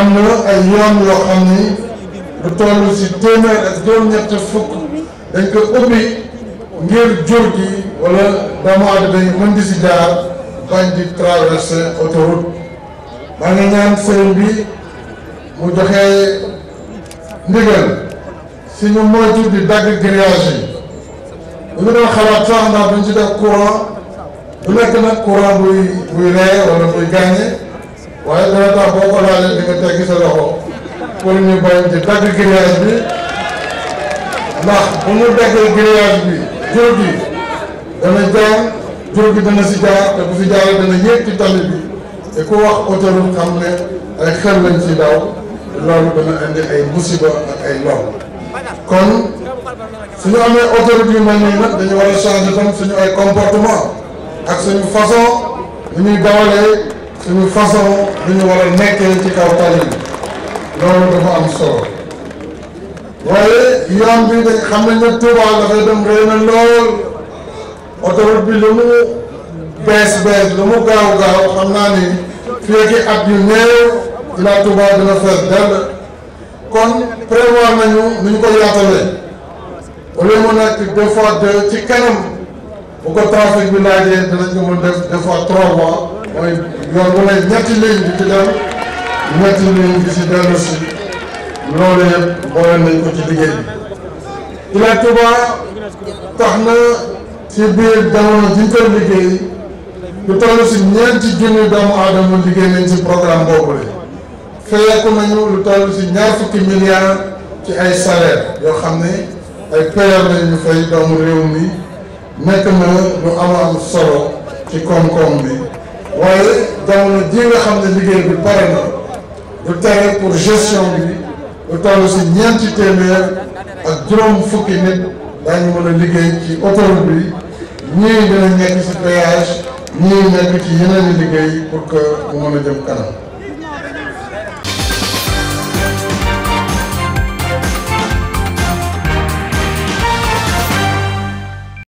am na ay yoon yoo xam ni bu toll si téeméer ak juróom fukk dañ ko ubbi ngir jur gi wala doomu aadama yi mën di si jaar bañ di traversé autoroute maa ñaan sëriñ bi mu joxe ndigal si ñu moytu di dagg grillage yi bu ñu doon xalaat sax ndax duñ ci def courant bu nekk nag courant buy buy ree wala buy gaañe waaye dana tax boo ko laalee di nga teggi sa loxo pour ñu bañ ci dagg grillage bi ndax bu ñu daggee grillage bi jur gi dana jaar jur gi dana si jaar te bu si jaaree dana yéeg ci tali bi te ku wax autoroute xam ne ay xel lañ ci daw loolu dana indi ay musiba ak ay lor kon suñu amee autorité yu mel nii nag dañu war a changer tam suñu ay comportement ak suñu façon ni ñuy dawalee suñu façon bi war a nekkee ci kaw tali loolu dafa am solo waaye yoon bi xam nañ ne dafay dem rëy lool autoroute bi lu mu bees bees lu mu gaaw gaaw xam naa ni fii ak yu néew ila Touba dina fees dell kon prévoir nañu nu ñu ko yaatalee wala mu nekk deux fois deux ci kanam bu ko trafic bi laajee dinañ ko mën def deux fois trois loolu mooy ñetti ligne bi ci dem bi si loolu yëpp boole nañ ko ci liggéey Ila Touba tax na ci biir jamono ji ñu liggéey lu toll si ñeenti junni liggéey nañ ci programme boobu la feyeeku nañu lu toll si ñaar fukki ci ay salaire yoo xam ne ay payeur lañu fay doomu réew mi nekk na lu am solo ci koom-koom bi. waaye jamono ji nga xam ne liggéey bi pare na du tere pour gestion bi lu toll si ñeenti téeméer ak juróom fukki nit daañu mën liggéey ci autoroute bi ñii dina nekk si péage ñii nekk ci yeneen liggéey pour que mu mën a kanam.